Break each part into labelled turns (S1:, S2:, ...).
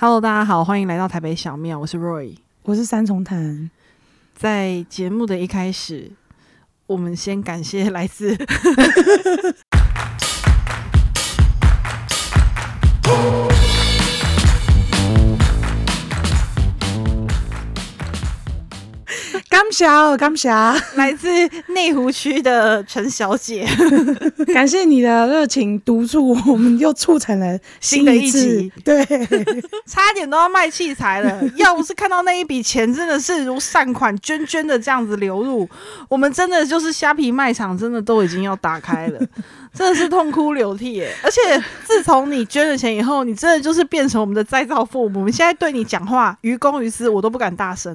S1: 哈嘍，大家好，歡迎來到台北小廟。我是 Roy，我是三重譚。在節目的一開始，我們先感謝來自。
S2: 霞，我剛霞，來自內湖區的陳小姐， 感謝你的熱情督促，我們又促成了新，一次新的一集。
S1: 對， 差點都要賣器材了， 要不是看到那一筆錢真的是如善款涓涓 的這樣子流入，我們真的就是蝦皮賣場，真的都已經要打開了， 真的是痛哭流涕、欸、而且自從你捐了錢以後，你真的就是變成我們的再造父母，我們現在對你講話於公於私，我都不敢大聲。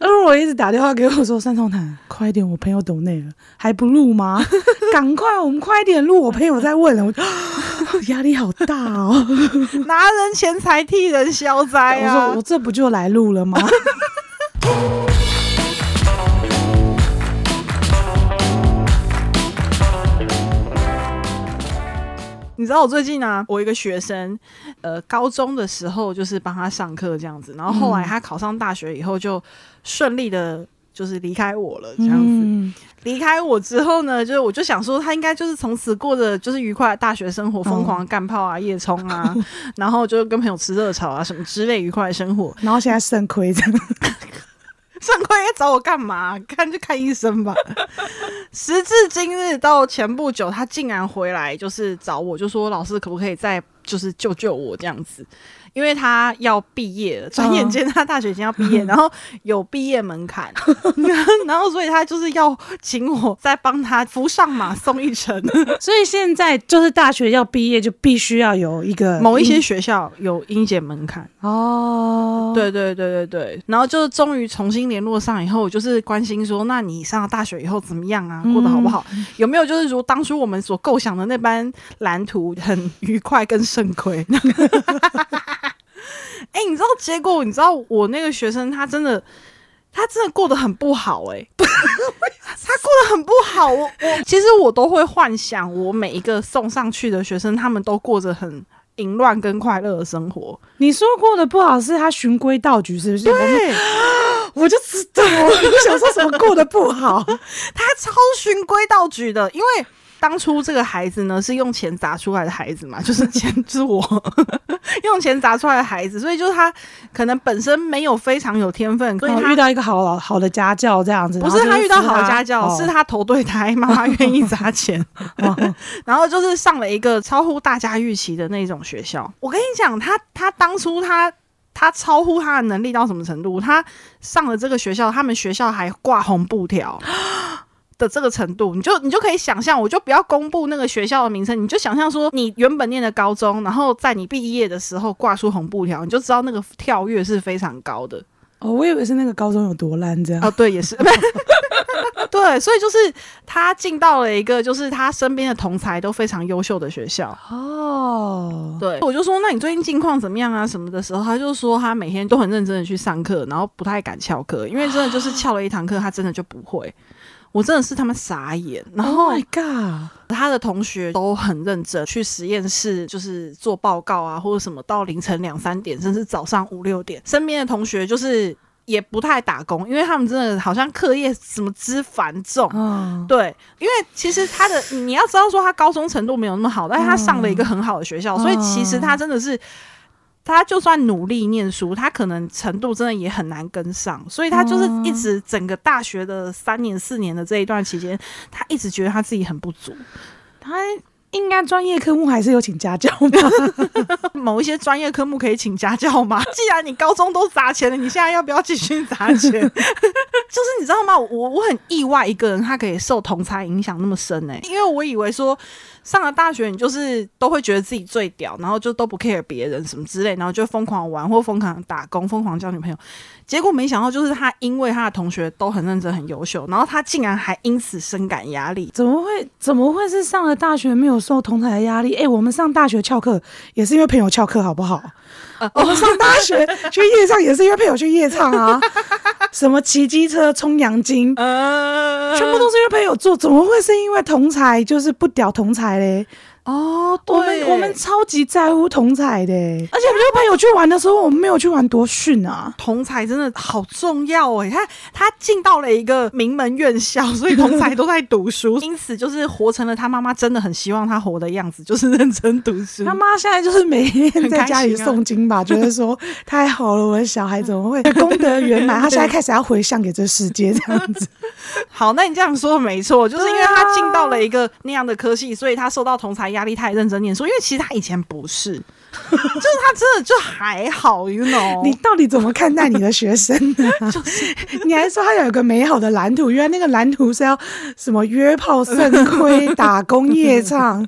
S1: 而
S2: 我。我一直打電話給我說：“三重談， 快一點！我朋友斗內了，還不錄嗎？趕 快，我們快一點錄！我朋友在問了，我、啊、壓力好大哦。 拿人錢財替人消災啊！我說，我這不就來錄了嗎？”
S1: 知道我最近啊，我一個學生，呃，高中的時候就是幫他上課這樣子，然後後來他考上大學以後就順利的，就是離開我了這樣子。離、嗯、開我之後呢，就是我就想說，他應該就是從此過着就是愉快的大學生活，瘋、嗯、狂乾炮啊、夜衝啊，然後就跟朋友吃熱炒啊什麼之類愉快的生活。然後現在腎虧着。 上個要找我幹嘛？看就看醫生吧。 時至今日，到前不久，他竟然回來，就是找我，就說老師可不可以再就是救救我這樣子。因為他要畢業了，轉眼間他大學已經要畢業，哦，然後有畢業門檻， 然後所以他就是要請我再幫他扶上馬送一程。
S2: 所以現在就是大學要畢業，就必須要有一個某一些學校有英檢門檻哦、嗯。
S1: 對對對對對，然後就是終於重新聯絡上以後，我就是關心說，那你上了大學以後怎麼樣啊？過得好不好？嗯、有沒有就是如當初我們所構想的那般藍圖很愉快跟順遂？ 哎、欸，你知道結果？你知道我那個學生，他真的，他真的過得很不好、欸。哎， 他過得很不好。我，我 其實我都會幻想，我每一個送上去的學生，他們都過着很淫亂跟快樂的
S2: 生活。你說過得不好是他循規蹈矩，是不是？對，就啊、我就知道，你 想說什麼過得不好， 他超循規蹈矩的，因為。
S1: 當初這個孩子呢，是用錢砸出來的孩子嘛，就是錢自我 用錢砸出來的孩子，所以就是他可能本身沒有非常有天分，所以他、哦、遇到
S2: 一個好老好的家教這樣子。不是他遇到好的家教，他是他
S1: 投對胎，媽媽願意砸錢， 哦、 然後就是上了一個超乎大家預期的那種學校。我跟你講，他他當初他他超乎他的能力到什麼程度？他上了這個學校，他們學校還掛紅布條。的這個程度，你就你就可以想象，我就不要公布那個學校的名稱，你就想象說你原本念的高中，然後在你畢業的時候掛出紅布條，你就知道那個跳躍是非常高的。
S2: 哦，我以為是那個高中有多
S1: 爛這樣哦，對，也是， 對，所以就是他進到了一個就是他身邊的同儕都非常優秀的學校哦。對，我就說那你最近近況怎麼樣啊？什麼的時候，他就說他每天都很認真的去上課，然後不太敢翹課，因為真的就是翹了一堂課，他真的就不會。我真的是他們傻眼，然後，Oh my God！他的同學都很認真，去實驗室就是做報告啊，或者什麼，到凌晨兩三點，甚至早上五六點。身邊的同學就是也不太打工，因為他們真的好像課業什麼之繁重。嗯、oh.，對，因為其實他的你要知道，說他高中程度沒有那麼好，但是他上了一個很好的學校，oh. 所以其實他真的是。他就算努力念書，他可能程度真的也很難跟上，所以他就是一直整個大學的三年四年的這一段期間，他一直覺得他自己很不足。
S2: 他應該專業科目還是有請家教吧？
S1: 某一些專業科目可以請家教嗎？既然你高中都砸錢了，你現在要不要繼續砸錢？ 就是你知道嗎？我我很意外，一個人他可以受同儕影響那麼深呢、欸。因為我以為說。上了大學，你就是都會覺得自己最屌，然後就都不 care 別人什麼之類，然後就瘋狂玩或瘋狂打工、瘋狂交女朋友。結果沒想到，就是他因為他
S2: 的同學都很認真、很優秀，然後他竟然還因此深感壓力。怎麼會？怎麼會是上了大學沒有受同儕的壓力？哎、欸，我們上大學翹課也是因為朋友翹課，好不好？我、哦哦哦、上大學 去夜唱，也是因為朋友去夜唱啊， 什麼騎機車衝陽金、呃，全部都是因為朋友做，怎麼會是因為同儕？就是不屌同儕嘞？哦、oh，對我，我們超級在乎同儕的，而且比如朋友去玩的時候，我們沒有去玩多遜啊？同儕真的好重要哎、欸，
S1: 他他進到了一個名門院校，所以同儕都在讀書， 因此就是活成了他媽媽真的很希望他活的樣子，就是認真讀書。他媽現在就是每天在家裡誦經吧，覺得、啊就是、
S2: 說太好了，我的小孩怎麼會功 德圓滿？他現在開始要回向給這世界這樣子。
S1: 好，那你這樣說的沒錯，就是因為他進到了一個那樣的科系，所以他受到同儕壓力太認真念書，因為其實他以前不是。
S2: 就是他真的就還好 you know。你到底怎麼看待你的學生、啊？呢？ 你還說他有一個美好的藍圖？原來那個藍圖是要什麼約炮、腎虧、打工夜唱。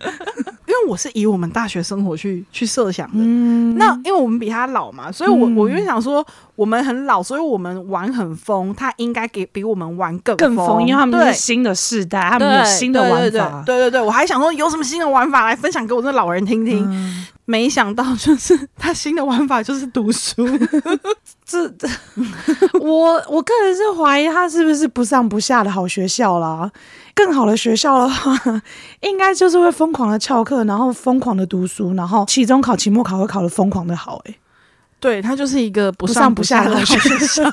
S1: 因為我是以我們大學生活去去設想的。嗯，那因為我們比他老嘛，所以我、嗯、我因為想說我們很老，所以我們玩很瘋，他應該給比我們玩更更瘋，因為他們是新的
S2: 世代，他們有新的玩法，對對對對。
S1: 對對對，我還想說有什麼新的玩法來分享給我這老人聽聽。嗯沒想到，就是他
S2: 新的玩法就是讀書 這。這，我我個人是懷疑他是不是不上不下的好學校啦。更好的學校的話，應該就是會瘋狂的翹課，然後瘋狂的讀書，然後期中考、期末考會考得瘋狂的好誒、欸
S1: 對他就是一個不上不下的學生，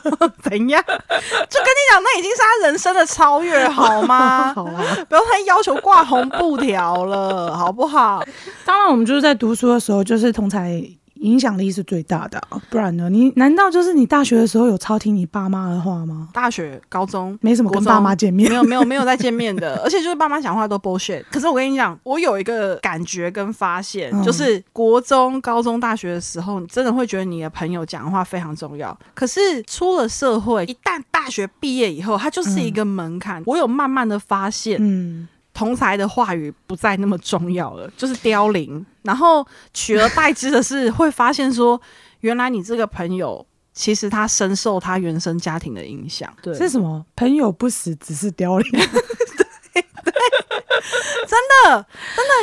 S1: 怎樣？ 就跟你講，那已經是他人生的超越，好嗎？ 好了、啊，不要太
S2: 要求掛紅布條了， 好不好？當然，我們就是在讀書的時候，就是同才。影響力是最大的，不然呢？Oh, Brandner, 你難道就是你大學的時候有超聽你爸媽的話嗎？大學、
S1: 高中沒什麼跟爸媽見面，沒有、沒有、沒有再見面的。 而且就是爸媽講話都 bullshit。可是我跟你講，我有一個感覺跟發現，嗯、就是國中、高中、大學的時候，你真的會覺得你的朋友講話非常重要。可是出了社會，一旦大學畢業以後，它就是一個門檻、嗯。我有慢慢的發現，嗯。同才的話語不再那麼重要了，就是凋零。然後取而代之的是， 會發現說，原來你這個朋友，其實他深受他原生家庭的影響。
S2: 對，是什麼？朋友不死，只是凋零。 對，對 真的，真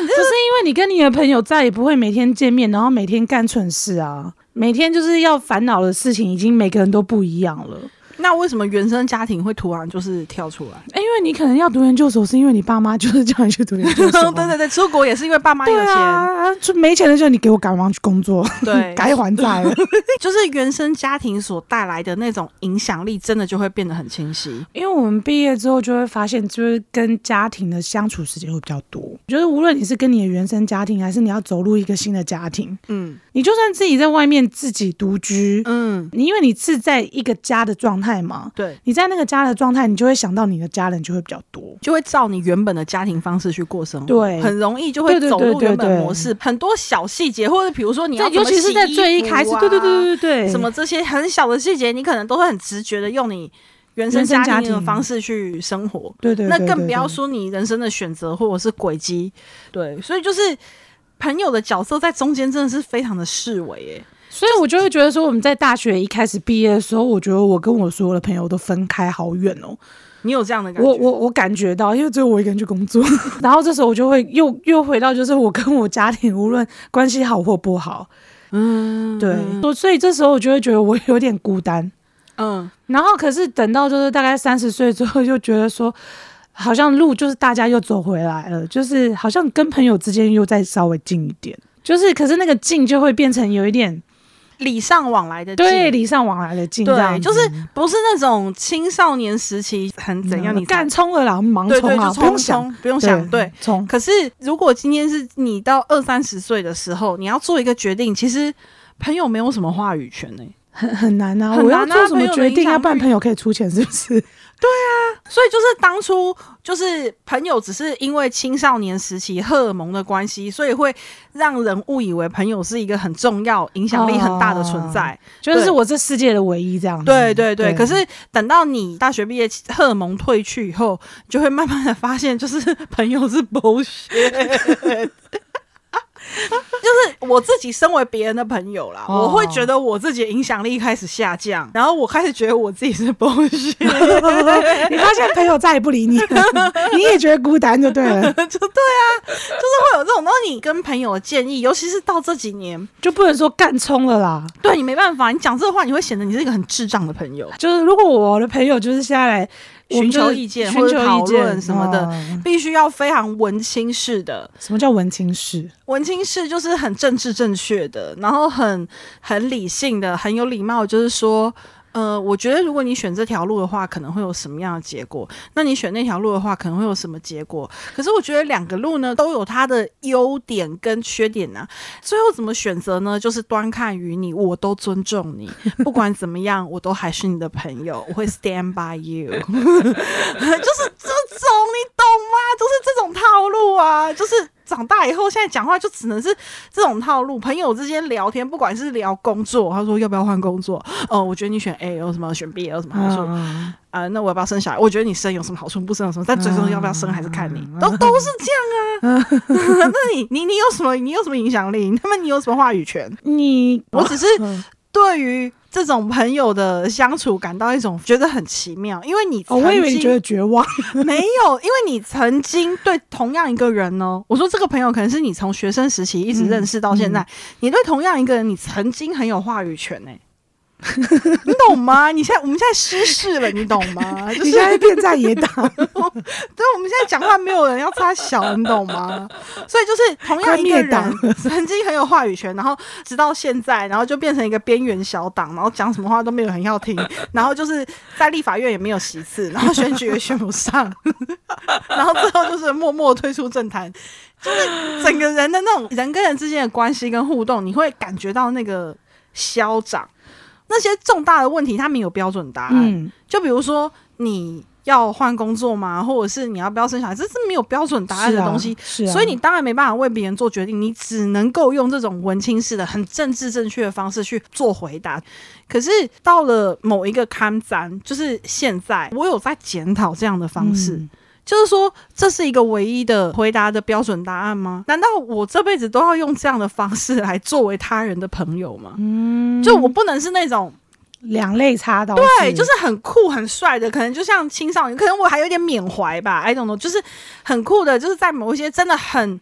S2: 的，就 是因為你跟你的朋友再也不會每天見面，然後每天幹蠢事啊，每天就是要煩惱的事情，已經每個人都不一樣了。
S1: 那為什麼原
S2: 生家庭會突然就是跳出來？因為可能要讀研究所，是因為你爸媽就是叫你去讀研究生 對對對，出國也是因為爸媽有錢。對啊，就沒錢的時候，你給我趕忙去工作，對，該還債了。
S1: 就是原生家庭所帶來的那種影響力，真的就會變得很清晰。
S2: 因為我們畢業之後就會發現，就是跟家庭的相處時間會比較多。我覺得，無論你是跟你的原生家庭，還是你要走入一個新的家庭，嗯。你就算自己在外面自己獨居，嗯，你因為你是在一個家的狀態嘛，對，你在那個家的狀態，你就會想到你的家人就會比較多，就會照你原本的家庭方式去過生活，對，很容易就會走入原本的模式對對對對對對，
S1: 很多小細節，或者比如說你要、啊、尤其是在最一開始，對對對對對，對，對，什麼這些很小的細節，你可能都會很直覺的用你原生家庭的方式去生活，對
S2: 對，對，對，對，對，那更不要
S1: 說你人生的選擇或者是軌跡，對，所以就是。朋友的角色在中間真的是非常的式微誒、欸，
S2: 所以我就會覺得說，我們在大學一開始畢業的時候，我覺得我跟我所有的朋友都分開好遠哦、喔。你有這樣的感覺？我我我感覺到，因為只有我一個人去工作， 然後這時候我就會又又回到，就是我跟我家庭，無論關係好或不好，嗯，對嗯，所以這時候我就會覺得我有點孤單，嗯，然後可是等到就是大概三十歲之後，就覺得說。好像路就是大家又走回來了，就是好像跟朋友之間又再稍微近一點，就是可是那個近就會變成有一點
S1: 禮尚往來的，對，
S2: 禮尚往來的近,對來的近，對，就是
S1: 不是那種青少年時期很怎樣你，你幹衝然後忙衝，不用想，不用想對，對。可是如果今天是你到二三十歲的時候，你要做一個決定，其實
S2: 朋友沒有什麼話語權呢、欸，很難、啊、很難啊，我要做什麼決定要不然朋友可以出錢，是不是？
S1: 對啊，所以就是當初就是朋友，只是因為青少年時期荷爾蒙的關係，所以會讓人誤以為朋友是一個很重要、影響力很大的存在，哦、就是我這世界的唯一這樣子。對對對,對，可是等到你大學畢業，荷爾蒙褪去以後，就會慢慢的發現，就是朋友是 bullshit 就是我自己身為別人的朋友啦，oh. 我會覺得我自己的影響力開始下降，然後我開始覺得我自己是崩潰。 你發現朋
S2: 友再也不理你了，你也覺得孤單，就對了， 就對
S1: 啊，就是會有這種東西。跟朋友的建議，尤其是到這幾年， 就不能說干衝了啦。對你沒辦法，你講這個話你會顯得你是一個很智障的朋友。 就是如果我的朋友就是現
S2: 在來。就是、尋求意見，尋求討論、哦、什麼的，
S1: 必須要非常文青式的。
S2: 什麼叫文青式？
S1: 文青式就是很政治正確的，然後很很理性的，很有禮貌，就是說。呃，我覺得如果你選這條路的話，可能會有什麼樣的結果？那你選那條路的話，可能會有什麼結果？可是我覺得兩個路呢，都有它的優點跟缺點呢、啊。最後怎麼選擇呢？就是端看於你，我都尊重你。不管怎麼樣， 我都還是你的朋友，我會 stand by you， 就是這種，你懂嗎？就是這種套路啊，就是。長大以後，現在講話就只能是這種套路。朋友之間聊天，不管是聊工作，他說要不要換工作，哦，我覺得你選 A 有什麼，選 B 有什麼他說啊、嗯呃，那我要不要生小孩？我覺得你生有什麼好處，不生有什麼，但最終要不要生還是看你，都都是這樣啊。嗯、 那你你你有什麼？你有什麼影響力？他們你有什麼話語權？你我只是。嗯對於這種朋友的相處，感到一種覺得很奇妙，因為你曾經、哦，我以為你覺得絕望， 沒有，因為你曾經對同樣一個人呢、哦，我說這個朋友可能是你從學生時期一直認識到現在，嗯嗯、你對同樣一個人，你曾經很有話語權呢、欸。 你懂嗎？你現在我們現在失勢了，你懂嗎
S2: 就是，你現在
S1: 變在野黨， 對，我們現在講話沒有人要插小，你懂嗎？
S2: 所以就是
S1: 同樣一個人曾經很有話語權，然後直到現在，然後就變成一個邊緣小黨，然後講什麼話都沒有人要聽，然後就是在立法院也沒有席次，然後選舉也選不上， 然後最後就是默默退出政壇，就是整個人的那種人跟人之間的關係跟互動，你會感覺到那個消長。那些重大的問題，它沒有標準答案，嗯。就比如說，你要換工作嗎？或者是你要不要生小孩？這是沒有標準答案的東西，啊啊、所以你當然沒辦法為別人做決定，你只能夠用這種文青式的、很政治正確的方式去做回答。可是到了某一個坎站，就是現在，我有在檢討這樣的方式。嗯就是說，這是一個唯一的回答的標準答案嗎？難道我這輩子都要用這樣的方式來作為他人的朋友嗎？嗯，就我不能是那種兩肋插刀，對，就是很酷、很帥的，可能就像青少年，可能我還有點緬懷吧，I don't know，就是很酷的，就是在某一些真的很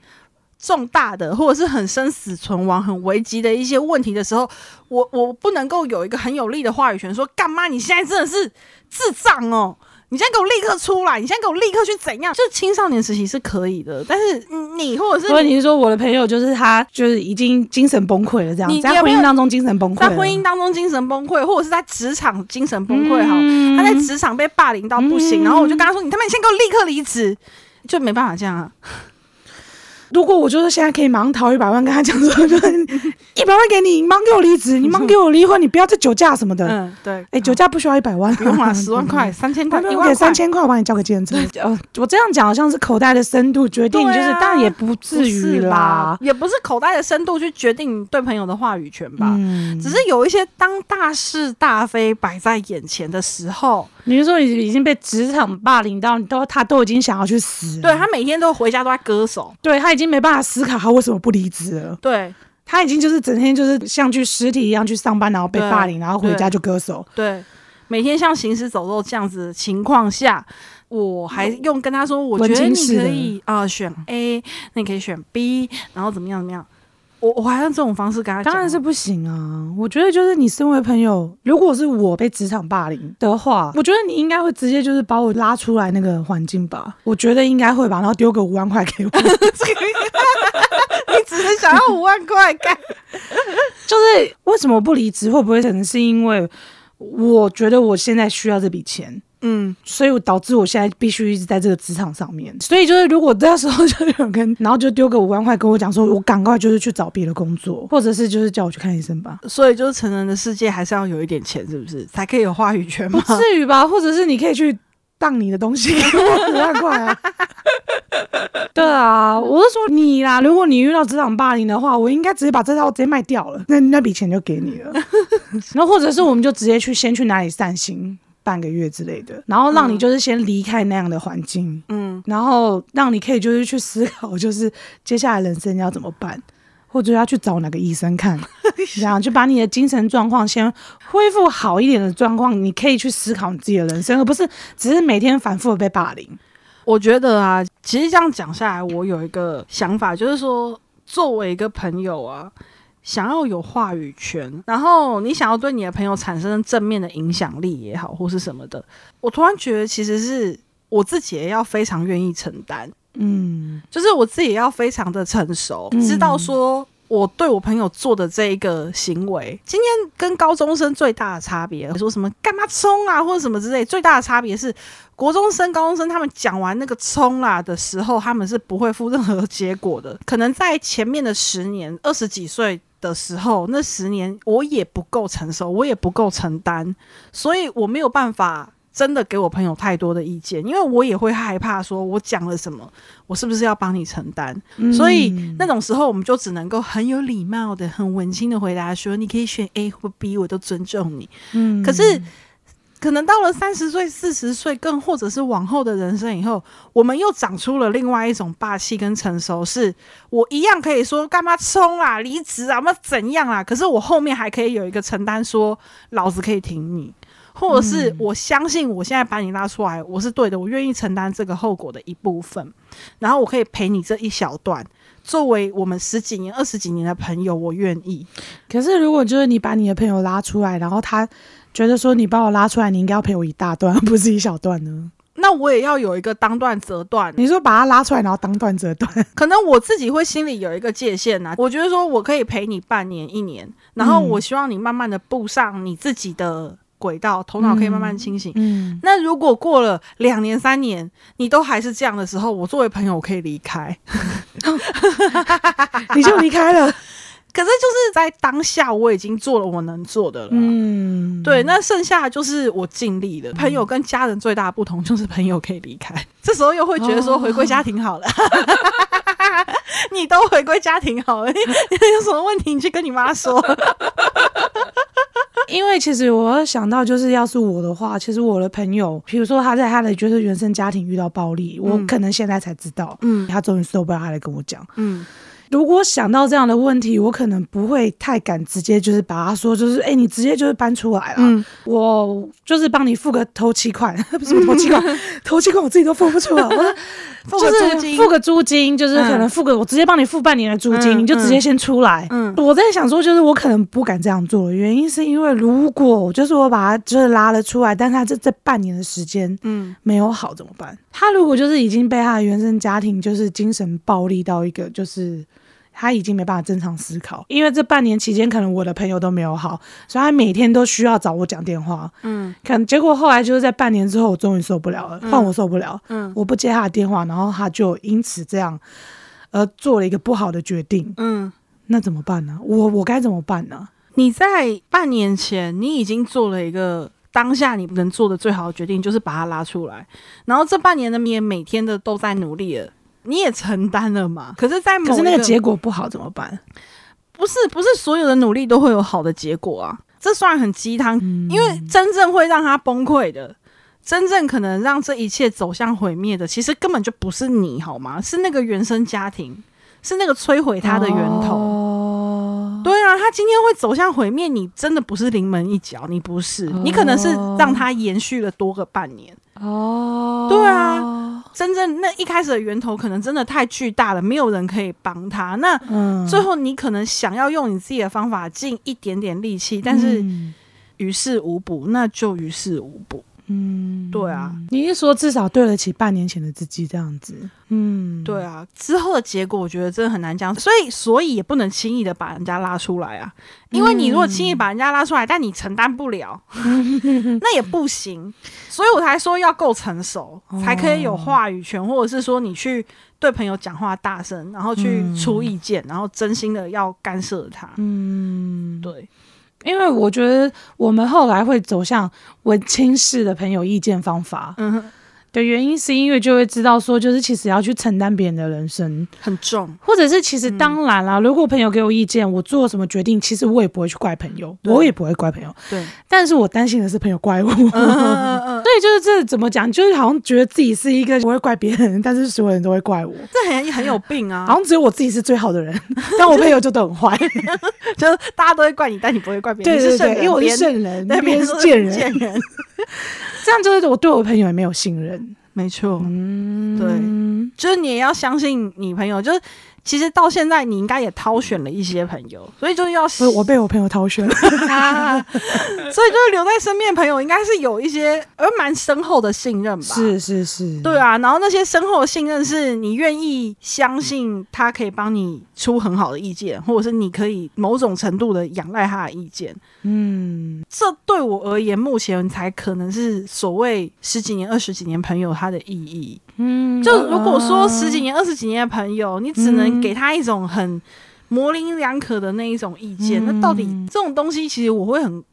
S1: 重大的，或者是很生死存亡、很危急的一些問題的時候，我我不能夠有一個很有力的話語權說，說乾媽，你現在真的是智障哦。你先給我立刻出來！你先給我立刻去怎樣？就是青少年時期是可以的，但是
S2: 你或者是問題你說我的朋友就是他，就是已經精神崩潰了這樣你要要，在婚姻當中精神崩潰，在婚
S1: 姻當中精神崩潰，或者是在職場精神崩潰哈、嗯，他在職場被霸凌到不行、嗯，然後我就跟他說：“你他媽，你先給我立刻離職，就沒辦法這樣啊。”
S2: 如果我就是現在可以馬上掏一百萬跟他講說，一百萬給你，你忙給我離職，你忙給我離婚，你不要再酒駕什麼的。嗯，對。哎、欸，酒駕不需要一百萬、啊、嗯、不用啦 十萬塊、三
S1: 千塊、啊、一萬塊、三千
S2: 塊，我幫你交給兼職。呃，我這樣講好像是口袋的深度決定、就是，啊、就是，但也不至於啦，
S1: 也不是口袋的深度去決定你對朋友的話語權吧。
S2: 嗯。只
S1: 是有一些當大是大非擺在眼前的時候，嗯，你就說你
S2: 已經被職場霸凌到，你都他都已經想要去死。對，他每天都回家都在割手。對，他。已經沒辦法思考他為什麼不離職了。對，他已經就是整天就是像具屍體一樣去上班，然後被霸凌，然後回家就割手對。
S1: 對，每天像行屍走肉這樣子情況下，我還用跟他說？我覺得你可以啊、呃，選 A，那你可以選 B，然後怎麼樣？怎麼樣？我我還用這種方式跟他，當然是不行啊！
S2: 我覺得就是你身為朋友，如果是我被職場霸凌的話，我覺得你應該會直接就是把我拉出來那個環境吧。我覺得應該會吧，然後丟個五萬塊給我， 你只能想要五萬塊幹， 就是為什麼不離職？會不會可能是因為我覺得我現在需要這筆錢？嗯，所以我導致我現在必須一直在這個職場上面。所以就是，如果到時候就有跟，然後就丟個五萬塊，跟我講說，我趕快就是去找別的工作，或者是就是叫我去看醫生吧。
S1: 所以就是成人的世界還是要有一點錢，是不是才可以有話語權嗎？不至
S2: 於吧，或者是你可以去當你的東西，五萬塊。 對啊，我是說你啦，如果你遇到職場霸凌的話，我應該直接把這套直接賣掉了，那那筆錢就給你了。那 或者是我們就直接去先去哪裡散心。半個月之類的，然後讓你就是先離開那樣的環境，嗯，然後讓你可以就是去思考，就是接下來人生要怎麼辦，或者要去找哪個醫生看， 這樣就把你的精神狀況先恢復好一點的狀況，你可以去思考你自己的人生，而不是只是每天反覆的被霸凌。我覺得啊，其實這樣講下來，我有一個
S1: 想法，就是說作為一個朋友啊，想要有話語權，然後你想要對你的朋友產生正面的影響力也好，或是什麼的，我突然覺得，其實是我自己也要非常願意承擔，嗯，就是我自己也要非常的成熟，嗯，知道說我對我朋友做的這一個行為，今天跟高中生最大的差別，說什麼幹嘛衝啊，或者什麼之類，最大的差別是，國中生、高中生他們講完那個衝啦、啊、的時候，他們是不會負任何結果的，可能在前面的十年，二十幾歲的時候，那十年我也不夠成熟，我也不夠承擔，所以我沒有辦法真的給我朋友太多的意見，因為我也會害怕，說我講了什麼，我是不是要幫你承擔。嗯。所以那種時候，我們就只能夠很有禮貌的、很文青的回答說：“你可以選 A 或 B，我都尊重你。”嗯。可是。可能到了三十歲、四十歲，更或者是往後的人生以後，我們又長出了另外一種霸氣跟成熟，是我一樣可以說幹嘛衝啦、離職啊、麼、啊、怎樣啊？可是我後面還可以有一個承擔，說老子可以挺你，或者是我相信我現在把你拉出來，我是對的，我願意承擔這個後果的一部分，然後我可以陪你這一小
S2: 段，作為我們十幾年、二十幾年的朋友，我願意。可是如果就是你把你的朋友拉出來，然後他。覺得說你把我拉出來，你應該要陪我一大段，不是一小段呢？
S1: 那我也要有一個當斷則斷。
S2: 你說把它拉出來，然後當斷則斷，可
S1: 能我自己會心裡有一個界限吶、啊。我覺得說我可以陪你半年、一年，然後我希望你慢慢的步上你自己的軌道，嗯、頭腦可以慢慢清醒。嗯，那如果過了兩年、三年，你都還是這樣的時候，我作為朋友可以離開， 你就離開了。可是就是在當下，我已經做了我能做的
S2: 了。
S1: 嗯，對，那剩下就是我盡力了。朋友跟家人最大的不同就是朋友可以離開，這時候又會覺得說回歸家庭好了。哦、 你都回歸家庭好了， 你有什麼問題你去跟你媽說。
S2: 因為其實我想到就是要是我的話，其實我的朋友，譬如說他在他的就是原生家庭遇到暴力，嗯、我可能現在才知道。嗯，他終於受不了，他來跟我講。嗯。如果想到這樣的問題，我可能不會太敢直接就是把他說，就是哎、欸，你直接就是搬出來了、嗯，我就是幫你付個頭期款，不是頭期款，頭期款我自己都付不出來， 我說就是付個租金，就是可能付個、嗯、我直接幫你付半年的租金、嗯，你就直接先出來。嗯，我在想說，就是我可能不敢這樣做，原因是因為如果就是我把他就是拉了出來，但是他這這半年的時間，嗯，沒有好怎麼辦、嗯？他如果就是已經被他的原生家庭就是精神暴力到一個就是。他已經沒辦法正常思考，因為這半年期間，可能我的朋友都沒有好，所以他每天都需要找我講電話。嗯，可能結果後來就是在半年之後，我終於受不了了，嗯、換我受不了。嗯，我不接他的電話，然後他就因此這樣而做了一個不好的決定。嗯，那怎麼辦呢？我我該怎麼辦呢？你在
S1: 半年前，你已經做了一個當下你能做的最好的決定，就是把他拉出來，然後這半年你也每天的都在努力了。你也承擔了嘛，可是在某個，在可是那個結果不好怎麼辦？不是，不是所有的努力都會有好的結果啊。這算很雞湯，嗯，因為真正會讓他崩潰的，真正可能讓這一切走向毀滅的，其實根本就不是你好嗎？是那個原生家庭，是那個摧毀他的源頭。哦。對啊，他今天會走向毀滅，你真的不是臨門一腳，你不是，你可能是讓他延續了多個半年。
S2: 哦，對啊。
S1: 真正那一開始的源頭可能真的太巨大了，沒有人可以幫他。那最後你可能想要用你自己的方法盡一點點力
S2: 氣，但是於事無補，那就於事無補。嗯，對啊，你一說至少對得起半年前的自己這樣子，嗯，
S1: 對啊，之後的結果我覺得真的很難講，所以所以也不能輕易的把人家拉出來啊，因為你如果輕易把人家拉出來，嗯、但你承擔不了， 那也不行，所以我才說要夠成熟、哦，
S2: 才可以有
S1: 話語權，或者是說你去對朋友講話大聲，然後去出意見、嗯，然後真心的要干涉他，嗯，對。
S2: 因為我覺得我們後來會走向文青式的朋友意見方法。嗯哼的原因是因為就會知道說，就是其實要去承擔別人的人生很重，或者是其實當然啦、嗯，如果朋友給我意見，我做什麼決定，其實我也不會去怪朋友，我也不會怪朋友。對，但是我擔心的是朋友怪我。嗯 嗯嗯、對，就是這怎麼講，就是好像覺得自己是一個不會怪別人，但是所有人都會怪我，
S1: 這很很有病啊。好像
S2: 只有我自己是最好的人， 但我朋友就都很壞，就是、 就是大家都會怪你，但你不會怪別人。對對對，對是聖人，因為我是聖人，那邊是賤人。賤人 這樣就是我對我朋友也沒有信任。沒錯、嗯，
S1: 對，就是你也要相信你朋友，就是。其實到現在，你應該也挑選了一些朋友，所以就是要。不是，我被我朋友挑選了。 所以就是留在身邊的朋友，應該是有一些，而蠻深厚的信任吧。是是是，對啊。然後那些深厚的信任，是你願意相信他可以幫你出很好的意見，或者是你可以某種程度的仰賴他的意見。嗯，這對我而言，目前才可能是所謂十幾年、二十幾年朋友他的意義。嗯，就如果說十幾年、啊、二十幾年的朋友，你只能、嗯。給他一種很模棱兩可的那一種意見，嗯、那到底這種東西，其實我會很。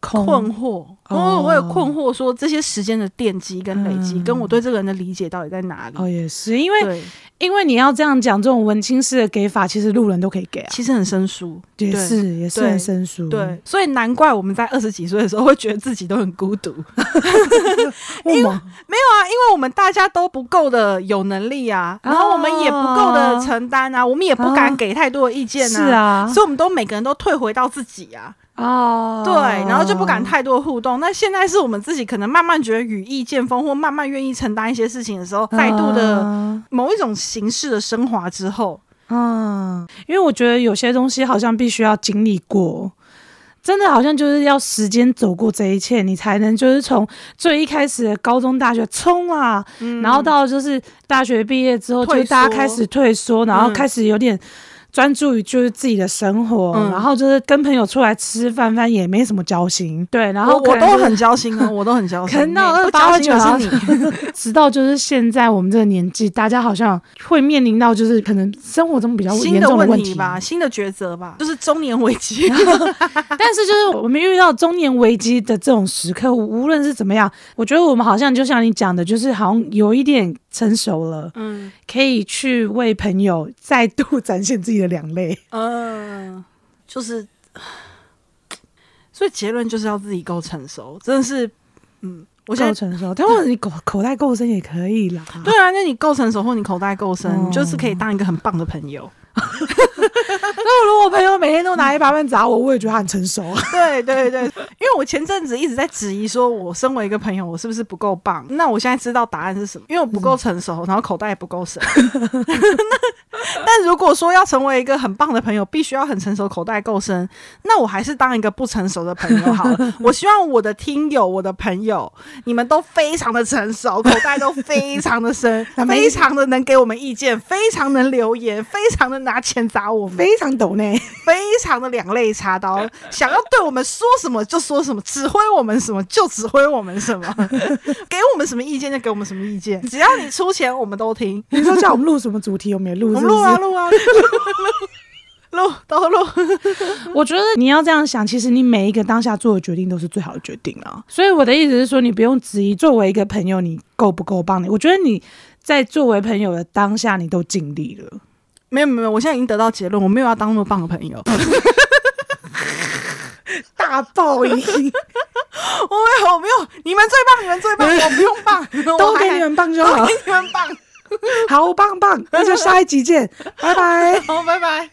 S1: 困惑，哦、因為我我也困惑，說這些時間的奠基跟
S2: 累積、嗯，跟我對這個人的理解到底在哪裡？哦，也是，因為因為你要這樣講，這種文青式的給法，其實路人都可以給啊，其實很生疏，也是，也是很生疏，對，
S1: 所以難怪我們在二十幾歲的時候會覺得自己都很孤獨，
S2: 因
S1: 沒有啊，因為我們大家都不夠的有能力啊，然後我們也不夠的承擔啊,啊，我們也不敢給太多的意見啊,啊，是啊，所以我們都每個人都退回到自己啊。哦、oh，對，然後就不敢太多互動。那、oh. 現在是我們自己可能慢慢覺得羽翼漸豐，或慢慢願意承擔一些事情的時候，oh. 再度的某一種形式的升華之後，
S2: 嗯、oh.，因為我覺得有些東西好像必須要經歷過，真的好像就是要時間走過這一切，你才能就是從最一開始的高中、大學衝啊、嗯，然後到就是大學畢業之後退，就大家開始退縮，然後開始有點。嗯專注於就是自己的生活、嗯，然後就是跟朋友出來吃飯飯，也沒什麼交心、嗯。對，然後、就是、我都很交心啊，我都很交心。那不交心的是時 直到就是現在我們這個年紀， 大家好像會面臨到就是可能生活中比較的新的問題
S1: 吧，新的抉擇吧，
S2: 就是中年危機。 然後 但是就是我們遇到中年危機的這種時刻，無論是怎麼樣，我覺得我們好像就像你講的，就是好像有一點。成熟了，嗯，可以去為朋友再度展現自己的兩肋，嗯，
S1: 就是，所以結論就是要自己夠成熟，真的是，嗯，我想要成熟，但或者你口
S2: 口袋夠深也可以啦，對啊，那你夠成熟或你口袋夠深，哦、你就是可以當一個很棒的朋友。那如果我朋友每天都拿一百萬砸我，我也覺得他很成熟。
S1: 對對對，因為我前陣子一直在質疑，說我身為一個朋友，我是不是不夠棒？那我現在知道答案是什麼，因為我不夠成熟，然後口袋也不夠深 那。但那，但如果說要成為一個很棒的朋友，必須要很成熟，口袋夠深，那我還是當一個不成熟的朋友好了。 我希望我的聽友、我的朋友，你們都非常的成熟，口袋都非常的深，非常的能給我們意見，非常的能留言，非常的拿錢砸我們， 非常。斗內，非常的兩肋插刀， 想要對我們說什麼就說什麼，指揮我們什麼就指揮我們什麼，給我們什麼意見就給我們什麼意見，只要你出錢，我們都聽。你說叫我
S2: 們錄什麼主題，我沒錄？我們錄 啊錄啊，錄 都錄。我覺得你要這樣想，其實你每一個當下做的決定都是最好的決定了，啊。所以我的意思是說，你不用質疑作為一個朋友你夠不夠棒。你，我覺得你在作為朋友的當下，你都盡力了。沒有沒有，我現在已經得到結論，我沒有要當那麼棒的朋友， 大爆暴音， 我沒有，我沒有，你們最棒，你們最棒， 我不用棒， 都給你們棒就好， 棒， 好棒棒，那就下一集見， 拜拜，好，拜拜。